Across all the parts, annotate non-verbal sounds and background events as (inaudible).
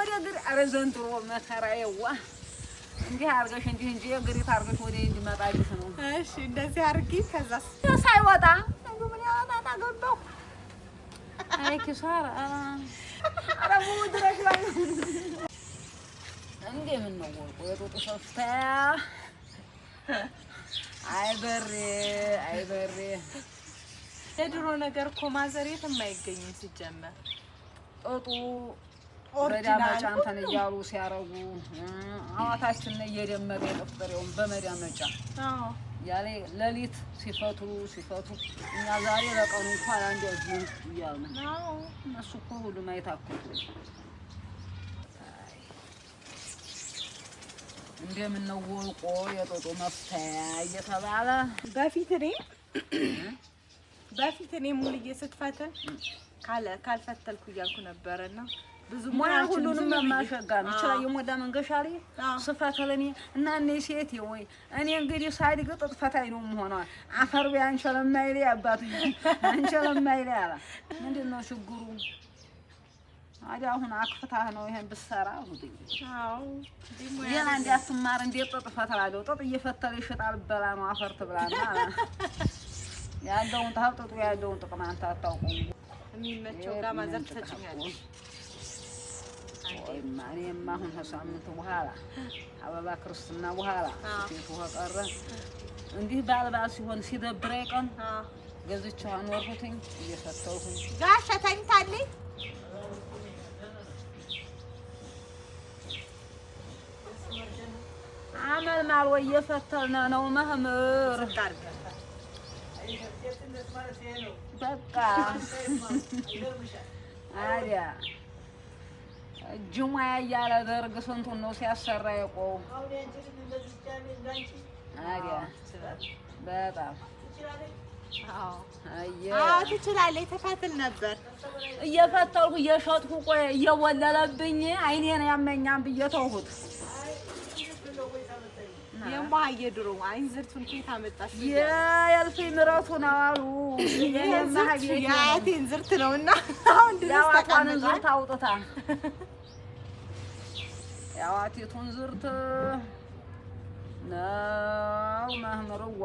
ወደ እግር ኧረ ዘንድሮ መከራዬ ዋ እንዲህ አድርገሽ እንዲህ እንጂ እግሪት አድርገሽ ወደ እንዲመጣ ነው። እሺ እንደዚህ አድርጊ። ከዛስ ሳይወጣ ምን ያወጣ ገባሁ። አይ ኪሳራ ኧረ ድረሽ ባይ እንዴ ምን ነው ወርቁ የጡጡ ሰፍታ አይ በሬ የድሮ ነገር እኮ ማዘር የትም አይገኝም ሲጀመር ጡጡ መዳመጫ እንትን እያሉ ሲያረጉ አዋታችን እየደመቀ የጠፈሬውን በመዳመጫ ያኔ ሌሊት ሲፈቱ ሲፈቱ እኛ ዛሬ ለቀኑ እንኳን አንድ ያዝን እያሉ እነሱ እኮ ሁሉም አይታኩት። እንደምን ነው ወልቆ የጦጦ መፍተያ እየተባለ በፊት እኔ በፊት እኔ ሙልዬ ስትፈትን ካልፈተልኩ እያልኩ ነበረና ሙያ ሁሉንም ማሸጋ ነው። ይችላል የሞላ መንገሻ ላይ ስፋት ለኔ እና እኔ ሴት ወይ እኔ እንግዲህ ሳይድ ግጥጥ ፈታይ ነው የምሆነው። አፈር ቢያ አንሸለማይ ላይ አባቱ አንሸለማይ ላይ አላ ምንድን ነው ችግሩ? አዲ አሁን አክፍታህ ነው ይሄን ብትሰራ ሁሉ አው ዲሞያ እንዳትማር ጥጥ ፈትላለሁ። ጥጥ እየፈተለ ይሽጣል በላ ነው አፈር ትብላና ያለውን ታውጥጡ ያለውን ጥቅም አንተ አታውቁም። የሚመቸው ጋር ማዘር ትችኛለሽ እኔማ አሁን ከሳምንቱ በኋላ አበባ ክርስትና በኋላ ቤቱ ከቀረ እንዲህ ባል ሲሆን ሲደብረኝ ቀን ገዝቼ አኖርሁትኝ እየፈተውሁኝ ጋሸ ተኝታለኝ። አመል ማልወ እየፈተነ ነው መምህር በቃ አዲያ ጅሙያ እያለደርግ ስንቱን ነው ሲያሰራ የቆው በጣም ትችላለች። ትፈትል ነበር እየፈተልኩ እየሸጥኩ ቆይ እየወለለብኝ አይኔን ያመኛም ብዬ ተውሁት። የማ የድሮ አይንዝርቱን ኬት አመጣሽ? የእልፍ ምረቱ ነው አሉ የአያቴ እንዝርት ነው እና አሁን ድረስ ተቀምጧል። ያዋቲቱን ዝርት ነው መህምርዋ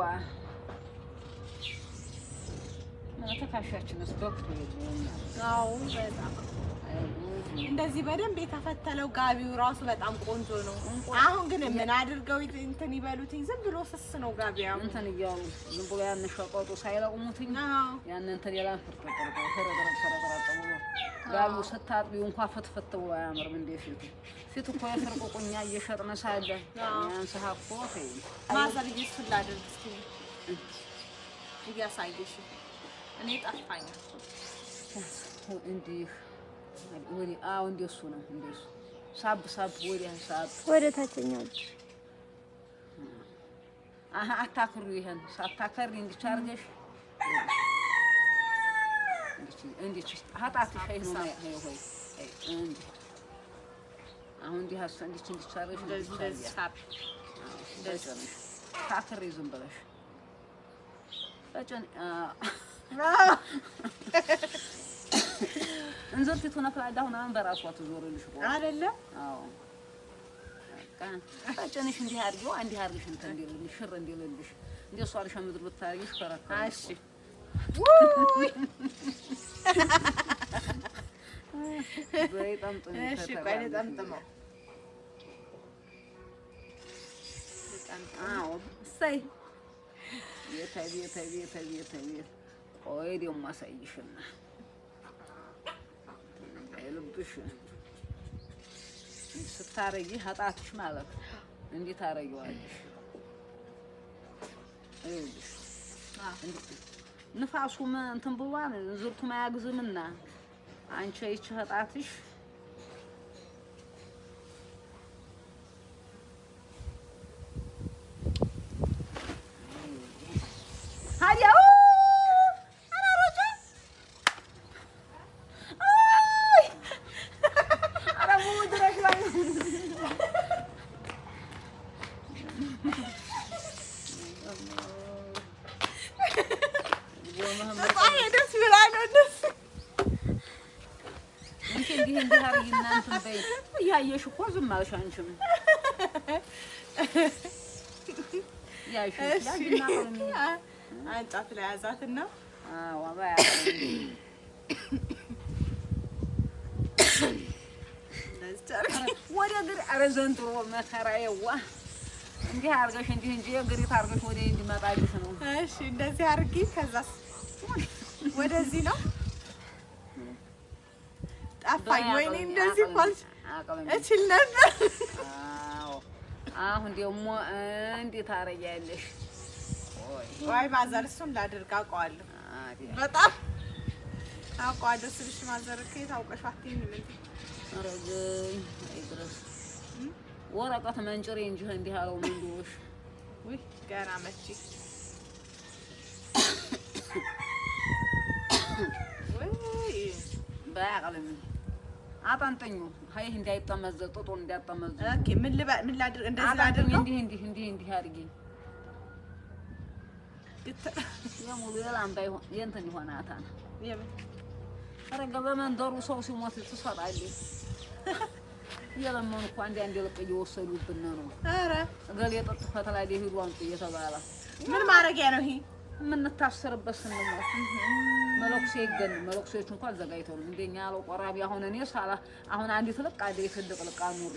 ተካሻችንስ በኩት እንደዚህ በደንብ የተፈተለው ጋቢው ራሱ በጣም ቆንጆ ነው። አሁን ግን ምን አድርገው እንትን ይበሉትኝ ዝም ብሎ ስስ ነው ጋቢያ እንትን እያሉ ዝም ብሎ ያን ሸቀጡ ሳይለቁሙትኝ ያን እንትን ሌላ ላሉ ስታጥቢ እንኳ ፍትፍት ብሎ አያምርም እንደ ፊቱ። ፊቱ እኮ የፍርቅ ቁኛ እየሸጥን ሳለ ያንስሀ እኮ ማዘር እየስላደርግ እንደሱ ነው። እንደሱ ሳብ ሳብ ወዲያ ሳብ ወደ ታችኛው አታክሩ። ይሄን ሳታከሪ እንዲቻርገሽ እንዞር ፊት ሆነ ፍላዳ ሆነ አሁን በራሷ ትዞርልሽ አይደለ? አዎ ቀጭንሽ እንዲህ አድርጊው እንዲህ አድርግሽ እንትን እንዲልልሽ ሽር እንዲልልሽ እንደሷ አርሻ ምድር ብታርጊሽ ከረካ እሺ ቆይ ደግሞ አሳይሽና ልብሽ ስታረጊ ሀጣትሽ ማለት እንዲህ ታረጊዋለሽ። ንፋሱም እንትን ብሏን ዝርቱም አያግዝምና አንቺ ይቺ ህጣትሽ ብዬሽ እኮ ዝም አልሽ። አንቺም አንጫት ላይ ያዛትና ወደ እግር ኧረ ዘንድሮ መከራዬ ዋ እንዲህ አድርገሽ እንዲህ እንጂ እግሪት አድርገሽ ወደ እንዲመጣልሽ ነው። እሺ እንደዚህ አድርጊ። ከዛስ ወደዚህ ነው ጠፋኝ። ወይኔ እንደዚህ እችል ነበር። አሁን ደግሞ እንዴት አረጊያለሽ? ወይ ማዘር እሱን ላድርግ አውቀዋለሁ፣ በጣም አውቀዋለሁ ስልሽ ማዘር ከየት አውቀሽ አትይኝ ምን ወረቀት መንጭሬ እንጂ እንዲህ አለው ምንድነው? ውይ ገና መቼ ወይ (coughs) በአቅልም አጣንጠኙ ሀይ እንዳይጠመዘ ጦጦ እንዳይጠመዘ። ኦኬ ምን ልባ ምን ላድርግ? እንደዚህ ላድርግ። እንዲህ እንዲህ እንዲህ እንዲህ አድርጊ። የሙሉ የላምባ ይሆን የእንትን ይሆን አታና አረጋ በመንደሩ ሰው ሲሞት ትሰራለች። እየለመኑ እኮ አንድ አንድ ልቅ እየወሰዱብን ነው። ኧረ እገሌ ጥጥ ፈተላ ሄዱ አምጡ እየተባለ ምን ማድረጊያ ነው ይሄ? የምንታሰርበት ስንሞት መለኩሴ ይገኝ መለኩሴዎች እንኳን አዘጋጅተው ነው እንደኛ ያለው ቆራቢ። አሁን እኔ ሳላ አሁን አንዲት ልቅ አደ ትልቅ ልቅ አኑሪ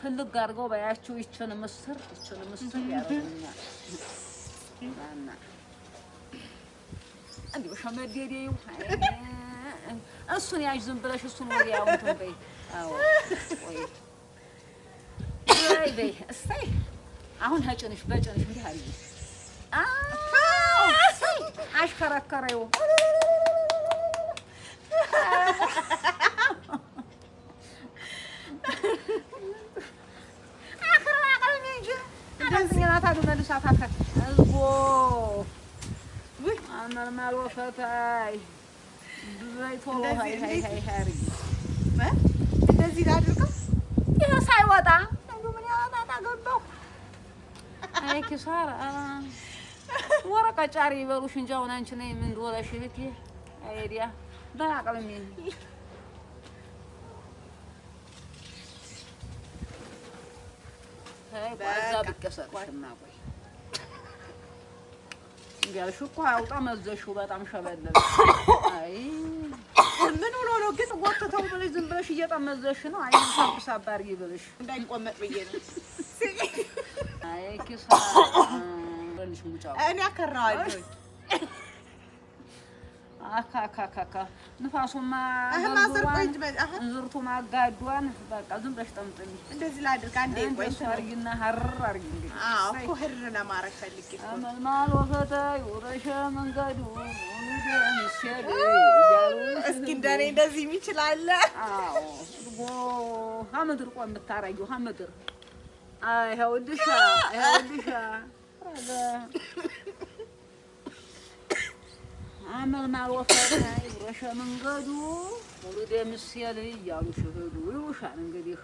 ፍልግ አድርገው በያቸው ይችን ምስር ይችን ምስር ያደርጉኛል። እንዲሁ ሸመደዴው እሱን ያዥ ዝም ብለሽ እሱን ወዲያው እንትን በይ። አዎ በይ እሰይ አሁን ሀጭንሽ በጭንሽ እንዲህ አለ 아시카라카라요. እንደዚህ ላድርገው። ይህ ሳይወጣ ምን ያወጣ ገባሁ። አይ ኪሳራ ወረቀት ጫሪ ይበሉሽ እንጂ አሁን አንቺ ነኝ ምን ድወለሽ እህቴ አይዲያ በአቅልሜ አውጣ መዘሽው በጣም ሸበለል። ምን ብሎ ነው ግን ወጥተው ብለሽ ዝም ብለሽ እየጠመዘሽ ነው። አይ ሳብ አድርጊ ብለሽ እንዳይቆመጥ ብዬሽ ነው። አይ ኪሳራ አብረንሽ ውጫ። እኔ አከራዋለሁ። አካካካካ ንፋሱማ እንዝርቱ ማጋዷን በቃ ዝም ብለሽ ጠምጥሚ። እንደዚህ ላድርግ አንዴ አድርጊና ሀር አድርጊ። እንግዲህ ህር ለማድረግ ፈልጌ መንገዱ እስኪ እንደኔ እንደዚህ የሚችላለ ሀምድር ቆም ብታረጊው ሀምድር ይኸውልሻ ይኸውልሻ አመልማል መንገዱ ይውሻል። እንግዲህ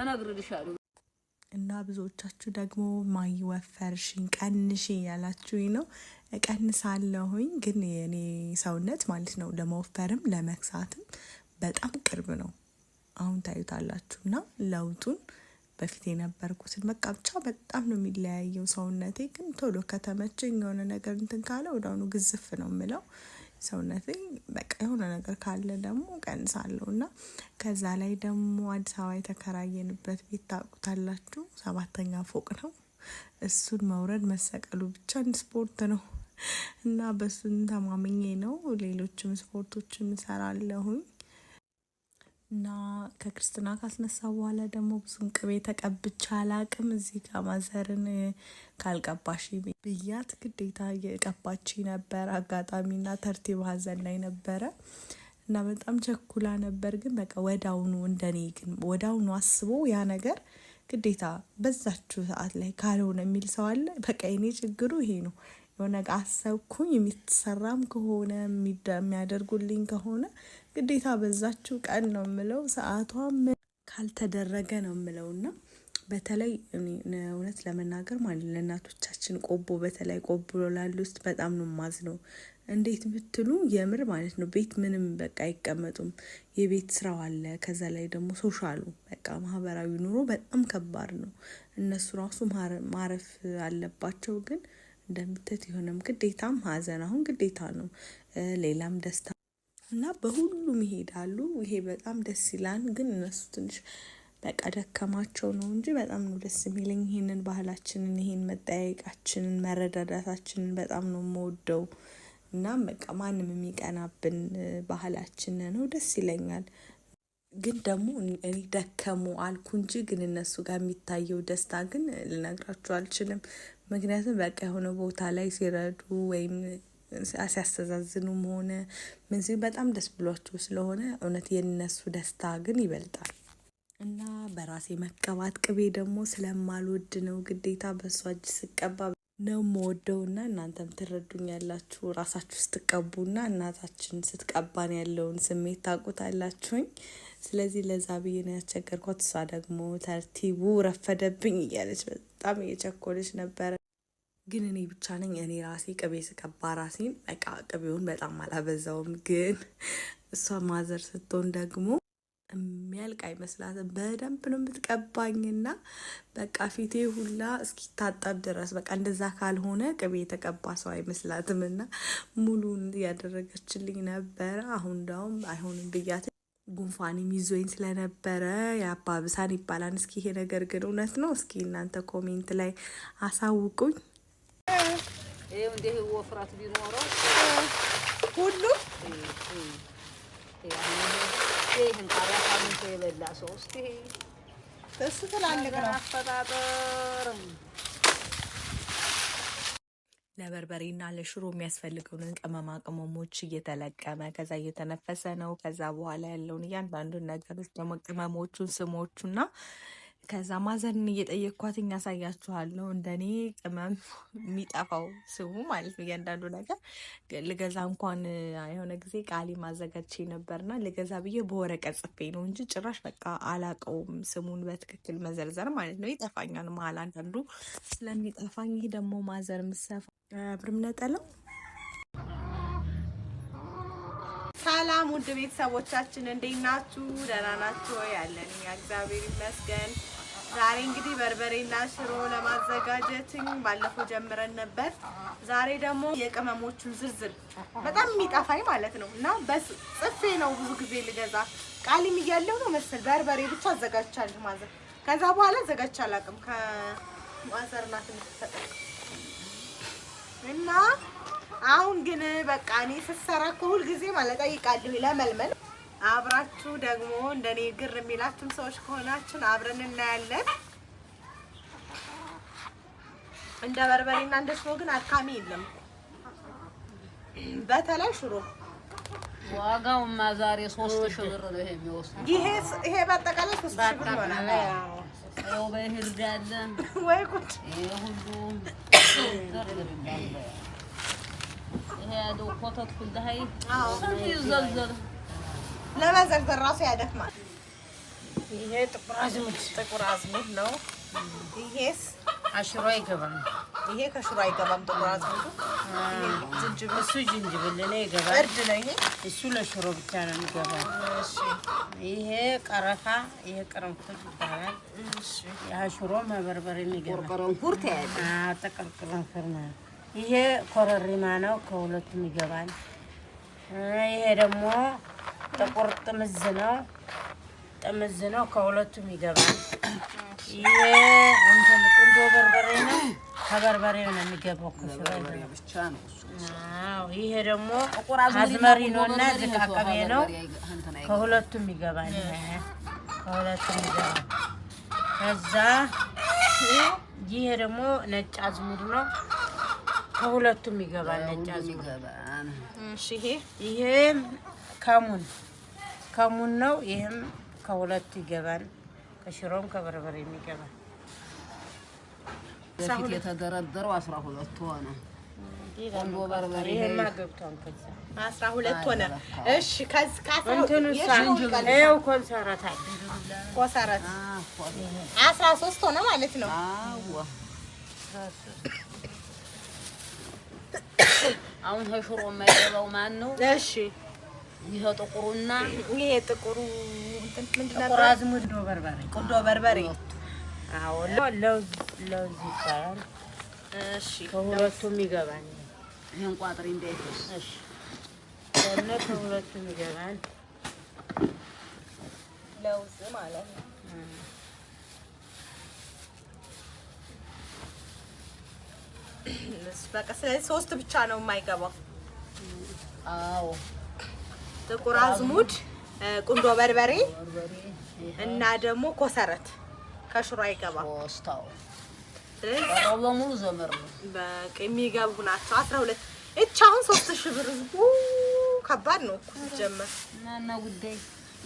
እነግርልሻለሁ እና ብዙዎቻችሁ ደግሞ ማይ ቀንሽ ያላችሁኝ ነው። እቀንሳለሁኝ፣ ግን የኔ ሰውነት ማለት ነው ለመወፈርም ለመክሳትም በጣም ቅርብ ነው። አሁን ታዩታላችሁ እና ለውጡን በፊት የነበርኩትን በቃ ብቻ በጣም ነው የሚለያየው ሰውነቴ። ግን ቶሎ ከተመቸኝ የሆነ ነገር እንትን ካለ ወደ አሁኑ ግዝፍ ነው የምለው ሰውነቴ። በቃ የሆነ ነገር ካለ ደግሞ ቀንሳለሁ እና ከዛ ላይ ደግሞ አዲስ አበባ የተከራየንበት ቤት ታውቁታላችሁ፣ ሰባተኛ ፎቅ ነው። እሱን መውረድ መሰቀሉ ብቻ ስፖርት ነው እና በሱን ተማምኜ ነው ሌሎችም ስፖርቶች እሰራለሁኝ። እና ከክርስትና ካስነሳ በኋላ ደግሞ ብዙም ቅቤ ተቀብቻ አላቅም። እዚህ ጋር ማዘርን ካልቀባሽ ብያት ግዴታ የቀባች ነበር። አጋጣሚና ተርቲብ ሀዘን ላይ ነበረ እና በጣም ቸኩላ ነበር። ግን በቃ ወዳውኑ እንደኔ ግን ወዳውኑ አስቦ ያ ነገር ግዴታ በዛችሁ ሰዓት ላይ ካልሆነ የሚል ሰው አለ። በቃ የኔ ችግሩ ይሄ ነው። የሆነ አሰብኩኝ የሚሰራም ከሆነ የሚያደርጉልኝ ከሆነ ግዴታ በዛችው ቀን ነው የምለው ሰዓቷ ካልተደረገ ነው የምለው እና በተለይ እውነት ለመናገር ማለት ለእናቶቻችን ቆቦ በተለይ ቆቦ ላሉት በጣም ነው ማዝ ነው። እንዴት ብትሉ የምር ማለት ነው ቤት ምንም በቃ አይቀመጡም። የቤት ስራው አለ። ከዛ ላይ ደግሞ ሶሻሉ በቃ ማህበራዊ ኑሮ በጣም ከባድ ነው። እነሱ ራሱ ማረፍ አለባቸው። ግን እንደምትት የሆነም ግዴታም ሀዘን አሁን ግዴታ ነው ሌላም ደስታ እና በሁሉም ይሄዳሉ። ይሄ በጣም ደስ ይላል። ግን እነሱ ትንሽ በቃ ደከማቸው ነው እንጂ በጣም ነው ደስ የሚለኝ። ይሄንን ባህላችንን፣ ይሄን መጠያየቃችንን፣ መረዳዳታችንን በጣም ነው የምወደው። እናም በቃ ማንም የሚቀናብን ባህላችን ነው፣ ደስ ይለኛል። ግን ደግሞ እኔ ደከሙ አልኩ እንጂ ግን እነሱ ጋር የሚታየው ደስታ ግን ልነግራችሁ አልችልም። ምክንያቱም በቃ የሆነ ቦታ ላይ ሲረዱ ወይም ሲያስተዛዝኑም ሆነ ምን ሲሉ በጣም ደስ ብሏቸው ስለሆነ እውነት የነሱ ደስታ ግን ይበልጣል እና በራሴ መቀባት ቅቤ ደግሞ ስለማልወድ ነው ግዴታ በእሷ እጅ ስቀባ ነው መወደው እና እናንተም ትረዱኝ ያላችሁ ራሳችሁ ስትቀቡ ስትቀቡና እናታችን ስትቀባን ያለውን ስሜት ታውቁታላችሁኝ። ስለዚህ ለዛ ብዬ ነው ያስቸገርኳት። እሷ ደግሞ ተርቲቡ ረፈደብኝ እያለች በጣም እየቸኮለች ነበረ። ግን እኔ ብቻ ነኝ። እኔ ራሴ ቅቤ ስቀባ ራሴን በቃ ቅቤውን በጣም አላበዛውም። ግን እሷ ማዘር ስትሆን ደግሞ የሚያልቅ አይመስላትም። በደንብ ነው የምትቀባኝና በቃ ፊቴ ሁላ እስኪታጠብ ድረስ በቃ እንደዛ ካልሆነ ቅቤ የተቀባ ሰው አይመስላትም። እና ሙሉን ያደረገችልኝ ነበረ። አሁን እንዳውም አይሆንም ብያት ጉንፋን ይዞኝ ስለነበረ የአባብሳን ይባላል። እስኪ ይሄ ነገር ግን እውነት ነው? እስኪ እናንተ ኮሜንት ላይ አሳውቁኝ። ይኸው እንዲህ ወፍረት ቢኖረው ሁሉ ይህን ቃሪያ ካምንቶ የበላ ሰው ውስጥ እሱ ትላልቅ ነው አፈጣጠርም ለበርበሬና ለሽሮ የሚያስፈልገውን ቅመማ ቅመሞች እየተለቀመ ከዛ እየተነፈሰ ነው። ከዛ በኋላ ያለውን እያንዳንዱን ነገሮች ደግሞ ቅመሞቹን ስሞቹና ከዛ ማዘርን እየጠየቅኳትኝ ያሳያችኋለሁ። እንደኔ ቅመም የሚጠፋው ስሙ ማለት ነው። እያንዳንዱ ነገር ልገዛ እንኳን የሆነ ጊዜ ቃሌ ማዘጋጅቼ ነበርና ልገዛ ብዬ በወረቀት ጽፌ ነው እንጂ ጭራሽ በቃ አላቀውም ስሙን በትክክል መዘርዘር ማለት ነው። ይጠፋኛል መሀል አንዳንዱ ስለሚጠፋኝ ይህ ደግሞ ማዘር ምሰፋ ብርምነጠለው ሰላም ውድ ቤተሰቦቻችን እንዴት ናችሁ? ደህና ናችሁ ያለን እኛ እግዚአብሔር ይመስገን። ዛሬ እንግዲህ በርበሬና ሽሮ ለማዘጋጀትኝ ባለፈው ጀምረን ነበር። ዛሬ ደግሞ የቅመሞቹን ዝርዝር በጣም የሚጠፋኝ ማለት ነው እና ጽፌ ነው ብዙ ጊዜ ልገዛ ቃሊም እያለሁ ነው መሰል በርበሬ ብቻ አዘጋጅቻለሁ ማዘር። ከዛ በኋላ አዘጋጅቼ አላውቅም ከማዘርናት እና አሁን ግን በቃ እኔ ስትሰራ እኮ ሁልጊዜ ማለት ጠይቃለሁ ለመልመል። አብራችሁ ደግሞ እንደኔ ግር የሚላችሁም ሰዎች ከሆናችን አብረን እናያለን። እንደ በርበሬና እንደ ሽሮ ግን አድካሚ የለም። በተለይ ሽሮ ዋጋው ማዛሬ 3 ሺህ ብር ነው የሚወስደው። ይሄ በአጠቃላይ ሶስት ሺህ ብር ይሆናል። ያው በእህል ጋር ወይ ቁጭ ይሄ ሁሉ (coughs) ይሄ ራሱ ያደክማል። ይሄ ጥቁር አዝሙድ ጥቁር አዝሙድ ነው። ይሄስ አሽሮ አይገባም። ይሄ ከሽሮ አይገባም። ጥቁር አዝሙዱ ዝንጅብል፣ እሱ ዝንጅብል እኔ ይገባል። እርድ ነው ይሄ እሱ ለሽሮ ብቻ ነው የሚገባው። ይሄ ቀረፋ፣ ይሄ ቅርንፉድ ይባላል። አሽሮ መበርበር የሚገባ ቅርንፉድ ተያለ ጥቅል ነው ይሄ ኮረሪማ ነው። ከሁለቱም ይገባል። ይሄ ደግሞ ጥቁር ጥምዝ ነው። ጥምዝ ነው። ከሁለቱም ይገባል። ይሄ እንትን ቁንዶ በርበሬ ነው። ከበርበሬ ነው የሚገባው። ይሄ ደግሞ አዝመሪ ነው እና ዝቃቀቤ ነው። ከሁለቱም ይገባል። ከሁለቱም ይገባል። ከዛ ይሄ ደግሞ ነጭ አዝሙድ ነው። ከሁለቱም ይገባል። ነጭ አዝሙድ ይሄ ከሙን ከሙን ነው። ይህም ከሁለቱ ይገባል። ከሽሮም ከበርበሬ የሚገባል። በፊት የተደረደረው አስራ ሁለት ሆነ። አስራ ሁለት ሆነ ማለት ነው። አሁን ተሽሮ የማይገባው ማን ነው? እሺ ይሄ ጥቁሩና ይሄ ጥቁሩ ምንድን ጥቁር አዝሙድ ነው፣ በርበሬ ቁዶ በርበሬ። አዎ ለውዝ ለውዝ ይባላል። እሺ ከሁለቱም ይገባል። ይሄን ቋጥሪ እንዳይፈስ። እሺ ለነ ከሁለቱም ይገባል ለውዝ ማለት ነው። በቃ ስለዚህ ሶስት ብቻ ነው የማይገባው። አዎ ጥቁር አዝሙድ፣ ቁንዶ በርበሬ እና ደግሞ ኮሰረት ከሽሮ አይገባም። በሙሉ ዘመር ነው የሚገቡ ናቸው። አስራ ሁለት እች አሁን ሶስት ሺህ ብር ህዝቡ ከባድ ነው እኮ ጀመር እና ጉዳይ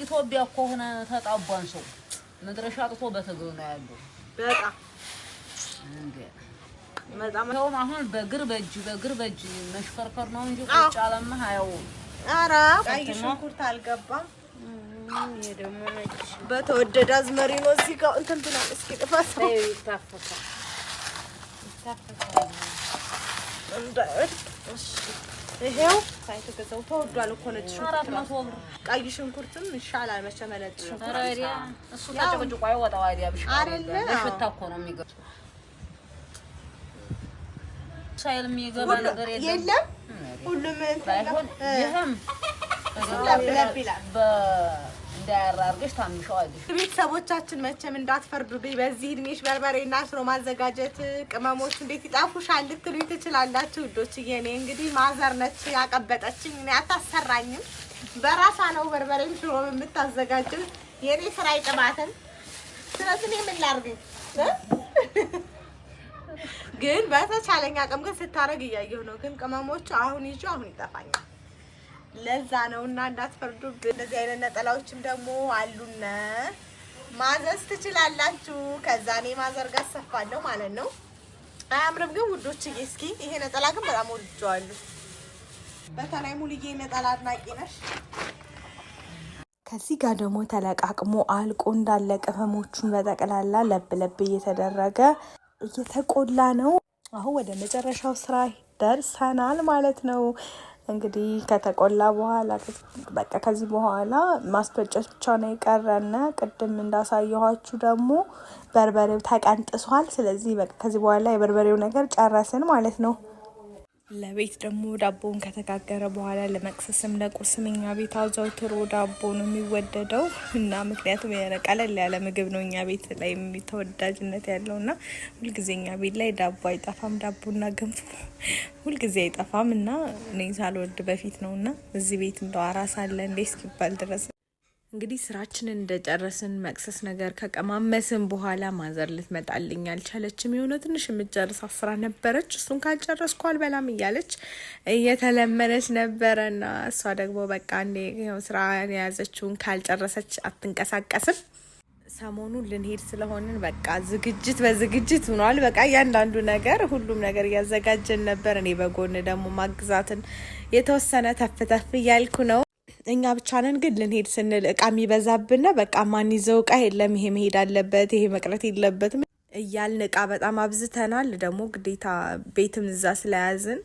ኢትዮጵያ እኮ ሆነ ተጣቧን ሰው መድረሻ አጥቶ በትግል ነው ያለው በጣም ሰውም አሁን በእግር በእጅ በእግር በእጅ መሽከርከር ነው እንጂ ቁጭ አለማ ኧረ ቀይ ሽንኩርት አልገባም። ይሄ ደግሞ ነጭ በተወደደ አዝመሪ ነው። እዚህ ጋር እንትን ብሏል። እስኪ ጥፋት ይታፈሳል ይሄው ሳይተገዛው ተወዷል እኮ ነጭ ሽንኩርት ቀይ ሽንኩርትም ይሻላል መቼም ነጭ ሽንኩርት እሱ ተጨቅጭቆ አይወጣው አይደል? ብሽታ እኮ ነው የሚገባው ሻይል የሚገባ ነገር የለም። ሁሉም ባይሆን ይህም እንዳያራርገሽ ታምሸዋለሽ። ቤተሰቦቻችን መቼም እንዳትፈርዱብኝ በዚህ እድሜሽ በርበሬና ሽሮ ማዘጋጀት ቅመሞች እንዴት ይጣፉሻል ልትሉኝ ትችላላችሁ ውዶች። የኔ እንግዲህ ማዘር ነች ያቀበጠችኝ፣ እኔ አታሰራኝም። በራሳ ነው በርበሬም ሽሮ የምታዘጋጀው የኔ ስራ ይጥማትን። ስለዚህ ምን ላድርግ? ግን በተቻለኝ አቅም ግን ስታረግ እያየሁ ነው። ግን ቅመሞቹ አሁን ይዤ አሁን ይጠፋኛል። ለዛ ነው እና እንዳትፈርዱ። እንደዚህ አይነት ነጠላዎችም ደግሞ አሉነ ማዘዝ ትችላላችሁ። ከዛ እኔ ማዘር ጋር ሰፋለሁ ማለት ነው። አያምርም ግን ውዶች፣ እስኪ ይሄ ነጠላ ግን በጣም ወድጄዋለሁ። በተለይ ሙሉዬ ነጠላ አድናቂ ነሽ። ከዚህ ጋር ደግሞ ተለቃቅሞ አልቆ እንዳለ ቅመሞቹን በጠቅላላ ለብ ለብ እየተደረገ እየተቆላ ነው። አሁን ወደ መጨረሻው ስራ ደርሰናል ማለት ነው። እንግዲህ ከተቆላ በኋላ በቃ ከዚህ በኋላ ማስፈጨት ብቻ ነው የቀረነ። ቅድም እንዳሳየኋችሁ ደግሞ በርበሬው ተቀንጥሷል። ስለዚህ በቃ ከዚህ በኋላ የበርበሬው ነገር ጨረስን ማለት ነው። ለቤት ደግሞ ዳቦውን ከተጋገረ በኋላ ለመቅሰስም ለቁርስም እኛ ቤት አዘውትሮ ዳቦ ነው የሚወደደው እና ምክንያቱም ቀለል ያለ ምግብ ነው እኛ ቤት ላይ ተወዳጅነት ያለው እና ሁልጊዜ እኛ ቤት ላይ ዳቦ አይጠፋም። ዳቦና ገንፎ ሁልጊዜ አይጠፋም እና እኔ ሳልወድ በፊት ነው እና እዚህ ቤት እንደው አራስ አለ እንዴ እስኪባል ድረስ እንግዲህ ስራችንን እንደጨረስን መቅሰስ ነገር ከቀማመስን በኋላ ማዘር ልትመጣልኝ አልቻለችም። የሆነ ትንሽ የምጨርሳት ስራ ነበረች። እሱን ካልጨረስኩ አልበላም እያለች እየተለመነች ነበረና እሷ ደግሞ በቃ እንዴ ስራ የያዘችውን ካልጨረሰች አትንቀሳቀስም። ሰሞኑን ልንሄድ ስለሆንን በቃ ዝግጅት በዝግጅት ሆኗል። በቃ እያንዳንዱ ነገር ሁሉም ነገር እያዘጋጀን ነበር። እኔ በጎን ደግሞ ማግዛትን የተወሰነ ተፍ ተፍ እያልኩ ነው። እኛ ብቻ ነን ግን ልንሄድ ስንል እቃ የሚበዛብና በቃ ማን ይዘው እቃ የለም፣ ይሄ መሄድ አለበት፣ ይሄ መቅረት የለበትም እያልን እቃ በጣም አብዝተናል። ደግሞ ግዴታ ቤትም እዛ ስለያዝን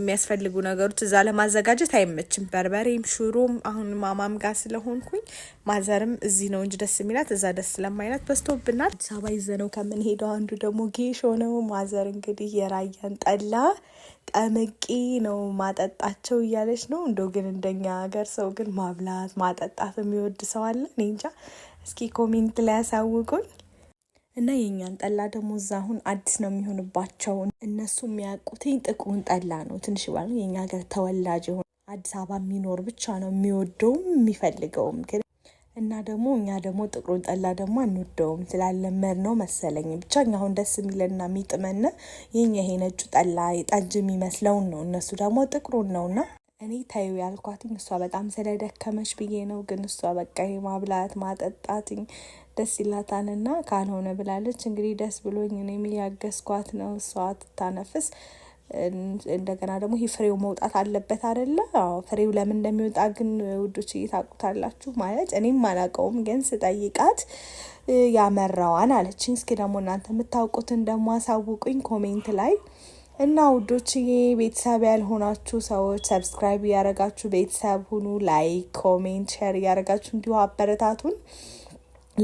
የሚያስፈልጉ ነገሮች እዛ ለማዘጋጀት አይመችም። በርበሬም ሽሮም አሁን ማማም ጋር ስለሆንኩኝ ማዘርም እዚህ ነው እንጂ ደስ የሚላት እዛ ደስ ስለማይላት በዝቶብናል። አዲስ አበባ ይዘነው ከምንሄደው አንዱ ደግሞ ጌሾ ነው። ማዘር እንግዲህ የራያን ጠላ ጠምቄ ነው ማጠጣቸው እያለች ነው። እንደው ግን እንደኛ ሀገር ሰው ግን ማብላት ማጠጣት የሚወድ ሰው አለ? እኔ እንጃ። እስኪ ኮሜንት ላይ ያሳውቁኝ። እና የእኛን ጠላ ደግሞ እዛ አሁን አዲስ ነው የሚሆንባቸው። እነሱ የሚያውቁትኝ ጥቁን ጠላ ነው። ትንሽ የኛ ሀገር ተወላጅ የሆነ አዲስ አበባ የሚኖር ብቻ ነው የሚወደውም የሚፈልገውም እና ደግሞ እኛ ደግሞ ጥቁሩን ጠላ ደግሞ አንወደውም ስላለመድ ነው መሰለኝ። ብቻ እኛ አሁን ደስ የሚለና የሚጥመን ይህኛ ይሄ ነጩ ጠላ የጠጅ የሚመስለውን ነው። እነሱ ደግሞ ጥቁሩን ነውና እኔ ታዩ ያልኳትኝ እሷ በጣም ስለደከመች ብዬ ነው። ግን እሷ በቃ ማብላት ማጠጣትኝ ደስ ይላታልና ካልሆነ ብላለች። እንግዲህ ደስ ብሎኝ እኔም ያገዝኳት ነው እሷ ትታነፍስ እንደገና ደግሞ ይህ ፍሬው መውጣት አለበት አደለ? ፍሬው ለምን እንደሚወጣ ግን ውዶች እየታቁታላችሁ ማለት እኔም አላውቀውም፣ ግን ስጠይቃት ያመራዋን አለችኝ። እስኪ ደግሞ እናንተ የምታውቁትን ደግሞ አሳውቁኝ ኮሜንት ላይ እና ውዶች ቤተሰብ ያልሆናችሁ ሰዎች ሰብስክራይብ እያደረጋችሁ ቤተሰብ ሁኑ። ላይክ፣ ኮሜንት፣ ሼር እያደረጋችሁ እንዲሁ አበረታቱን።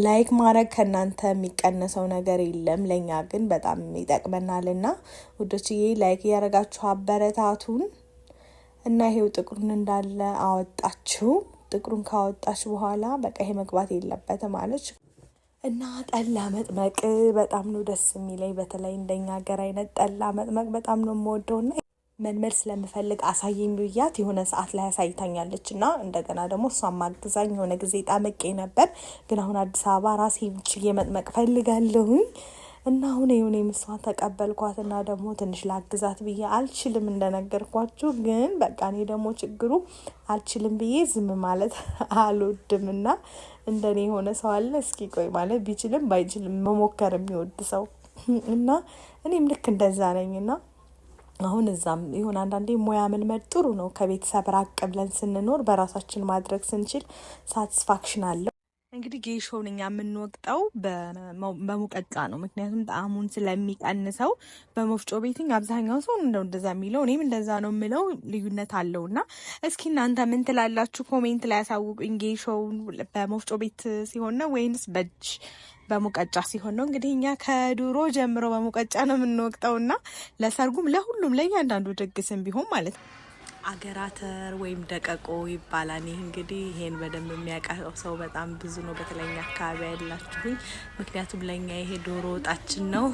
ላይክ ማድረግ ከእናንተ የሚቀነሰው ነገር የለም። ለእኛ ግን በጣም ይጠቅመናል እና ውዶችዬ ላይክ እያደረጋችሁ አበረታቱን እና ይሄው ጥቁሩን እንዳለ አወጣችሁ። ጥቁሩን ካወጣችሁ በኋላ በቃ ይሄ መግባት የለበትም አለች እና ጠላ መጥመቅ በጣም ነው ደስ የሚለኝ። በተለይ እንደኛ ሀገር አይነት ጠላ መጥመቅ በጣም ነው የምወደውና መልመድ ስለምፈልግ አሳየኝ ብያት የሆነ ሰዓት ላይ አሳይታኛለች እና እንደገና ደግሞ እሷም ማግዛኝ የሆነ ጊዜ ጠመቄ ነበር። ግን አሁን አዲስ አበባ ራሴ ችዬ መጥመቅ ፈልጋለሁኝ እና አሁን የሆነ የምስዋን ተቀበልኳት እና ደግሞ ትንሽ ላግዛት ብዬ አልችልም፣ እንደነገርኳችሁ ግን በቃ እኔ ደግሞ ችግሩ አልችልም ብዬ ዝም ማለት (laughs) አልወድም እና እንደኔ የሆነ ሰው አለ። እስኪ ቆይ ማለት ቢችልም ባይችልም መሞከር የሚወድ ሰው እና እኔም ልክ እንደዛ ነኝ እና አሁን እዛም ይሁን አንዳንዴ ሙያ መልመድ ጥሩ ነው። ከቤተሰብ ራቅ ብለን ስንኖር በራሳችን ማድረግ ስንችል ሳቲስፋክሽን አለው። እንግዲህ ጌሾውን እኛ የምንወቅጠው በሙቀጫ ነው፣ ምክንያቱም ጣዕሙን ስለሚቀንሰው። በመፍጮ ቤትኝ አብዛኛው ሰው እንደው እንደዛ የሚለው እኔም እንደዛ ነው የምለው፣ ልዩነት አለው እና እስኪ እናንተ ምን ትላላችሁ? ኮሜንት ላይ ያሳውቁኝ። ጌሾውን በመፍጮ ቤት ሲሆን ነው ወይንስ በእጅ በሙቀጫ ሲሆን ነው እንግዲህ እኛ ከድሮ ጀምሮ በሙቀጫ ነው የምንወቅጠው እና ለሰርጉም፣ ለሁሉም ለእያንዳንዱ ድግስም ቢሆን ማለት ነው። አገራተር ወይም ደቀቆ ይባላል። ይህ እንግዲህ ይሄን በደንብ የሚያውቀው ሰው በጣም ብዙ ነው፣ በተለኛ አካባቢ ያላችሁኝ። ምክንያቱም ለእኛ ይሄ ዶሮ ወጣችን ነው።